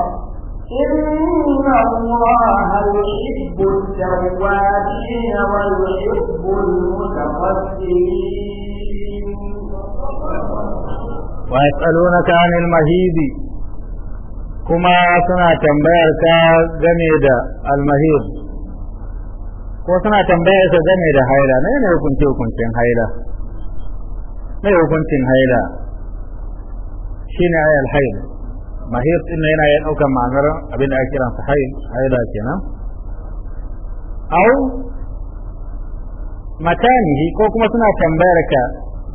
إن الله يحب التوابين ويحب المتقدمين wa yas'alunaka 'anil mahidi kuma suna tambayar ka game da almahid ko suna tambayar ka game da haila ne hukuncin haila ne hukuncin haila shine ayal hail mahid din yana ya dauka ma'anar abin da ake kiran sa hail haila au ko kuma suna tambayar ka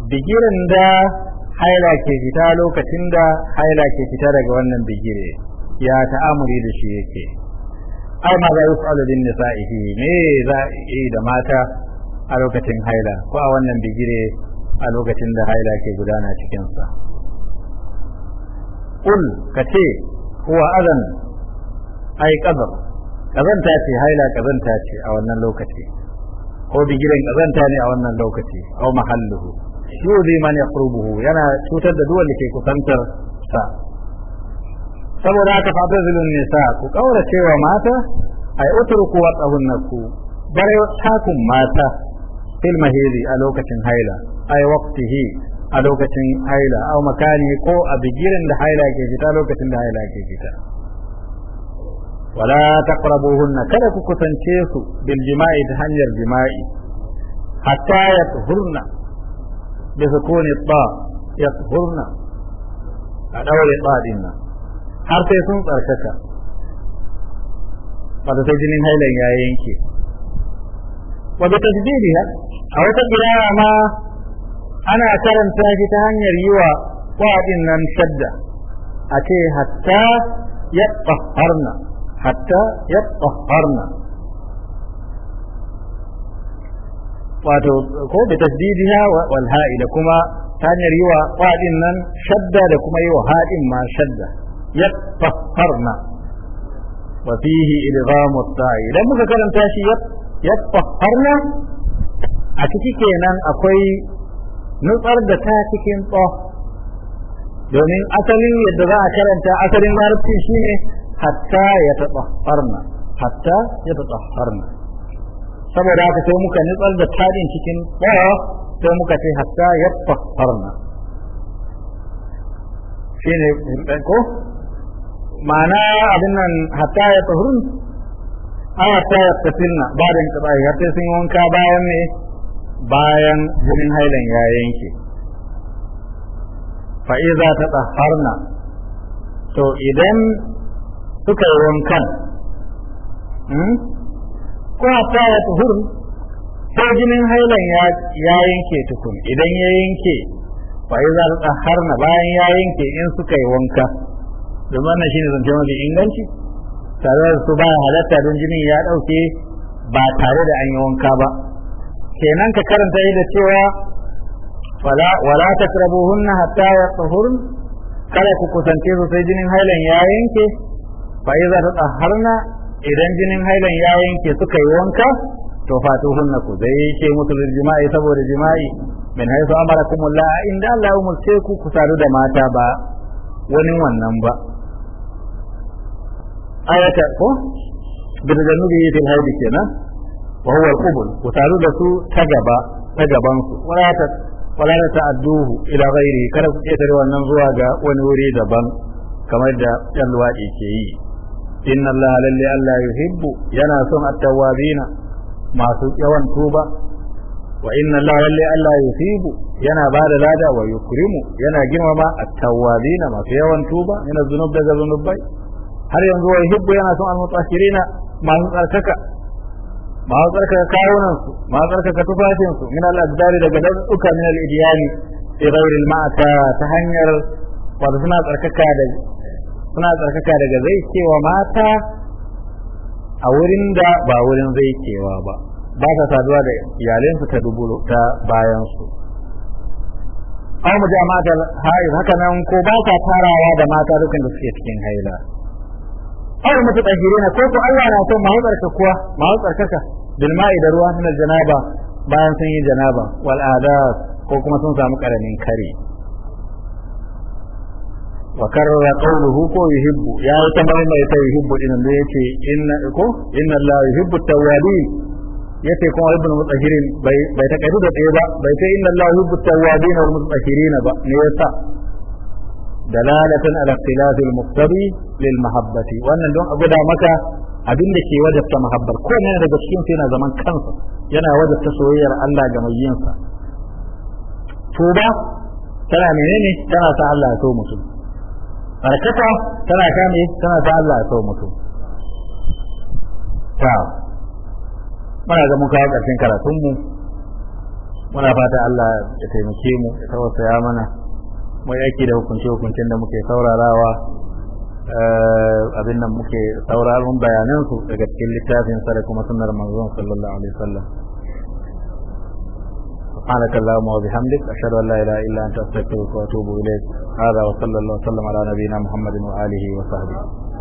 da haila ke fita lokacin da haila ke fita daga wannan bigire ya ta'amuri da shi yake ai ma za yus'alu bin nisa'ihi me za yi da mata a lokacin haila ko a wannan bigire a lokacin da haila ke gudana cikin sa kul kace huwa adan ai qadar kazanta ce haila kazanta ce a wannan lokaci ko bigiren kazanta ne a wannan lokaci ko mahalluhu yuzi man yaqrubuhu yana cutar da duwan ke kusantar sa saboda haka fa'tazilun nisa ku kaura cewa mata ay utruku wa tahunnaku bare ku mata fil mahidi a lokacin haila ay waqtihi a lokacin haila aw makani ko a bigirin da haila ke fita lokacin da haila ke fita wala taqrabuhunna kada ku kusance su bil jima'i ta hanyar jima'i hatta yatuhurna بسكون الطاء يطهرنا أول الطاء دينا حرف يسون قرشكا قد تجنين هيلا يا ينكي وبتجديدها أو تقرأ ما أنا أكرم ساكتا هنير يوى وعدنا شدة أتي حتى يطهرنا حتى يطهرنا wato ko bi tasdidiha wal ha'i da kuma ta hanyar yi wa fadin nan shadda da kuma yi wa ha'in ma shadda ya taffarna wa fihi idan muka karanta shi ya a ciki kenan akwai nutsar da ta cikin domin asalin yadda za a karanta asalin larabcin shine hatta ya tatahharna hatta ya tatahharna saboda haka sai muka nutsar da tarin cikin tsaya sai muka ce hatta ya shi ne ko ma'ana abin nan hatta ya tahurun a ta ya tafilna ba da inqibai har hatta sun wanka bayan ne bayan jinin hailan ya yanke Fa'iza ta taharna to idan suka yi wankan hmm? kuna sa ya tuhurin sai jinin hailan ya yanke tukun idan ya yanke fa iza harna bayan ya yanke in suka yi wanka domin wannan shine zance mafi inganci tare da su bayan halatta don jinin ya dauke ba tare da an yi wanka ba kenan ka karanta yi da cewa wala wala hunna hatta tuhurin? kada ku kusance su sai jinin hailan ya yanke fa iza harna idan jinin hailan ya yanke suka yi wanka to fatuhunna ku zai ke musu jima'i saboda jima'i min haisu amarakumullah inda Allah ya umarce ku ku sadu da mata ba wani wannan ba ayata ko da da nubi yi haidi kenan wa huwa al-qubul ku sadu da su ta gaba ta gaban su wala ta wala ta adduhu ila ghairi kada ku ketare wannan zuwa ga wani wuri daban kamar da yan luwaɗi ke yi inna allaha lalle allah yuhibbu yana son at masu yawan tuba wa inna allaha lalle allah yusibu yana ba da lada wa yukrimu yana girmama at-tawwabina masu yawan tuba yana zunub daga zunubai har yanzu wa yuhibbu yana son al-mutasirina masu tsarkaka masu tsarkaka kawunan su masu tsarkaka tufafin su min al-azdari daga dukkan min al-idiyani bi ghairi al-ma'ata ta hanyar wato suna tsarkaka da suna tsarkaka daga zai cewa mata a wurin da ba wurin zai cewa ba ba ta saduwa da iyalinsu ta dubu ta bayansu an mu jama'a da haid haka nan ko ba ta tarawa da mata dukkan da suke cikin haila mutu mu na ko ko Allah na son mahaifar ka kuwa mahaifar ka bil ma'i da ruwa na janaba bayan sun yi janaba wal ko kuma sun samu karamin kare wa karra qawluhu ko yuhibbu ya yi tamar mai ta yuhibbu din da yace inna ko inna la yuhibbu tawwabin yace kuma ibn mutahirin bai bai ta kaidu da tsaye ba bai ta inna la yuhibbu tawwabin wal mutahirin ba ne yasa dalalatan ala ikhtilaf al muqtadi lil mahabbati wannan don abu da maka abin da ke wajabta mahabbar ko ne daga cikin sai na zaman kansa yana wajabta soyayyar Allah ga mai yinsa tuba tana menene tana sa Allah ya so mutum barkata tana ta ne tana ta Allah ya so mutum ta muna ga mun kawo ƙarshen karatun mu muna fata Allah ya taimake mu ya tausaya mana mu yaki da hukunce hukuncin da muke saurarawa abin nan muke sauraron bayanan su daga cikin littafin sa da kuma sunnar manzon sallallahu alaihi wasallam سبحانك اللهم وبحمدك أشهد أن لا إله إلا أنت أستغفرك وأتوب إليك هذا وصلى الله وسلم على نبينا محمد وآله وصحبه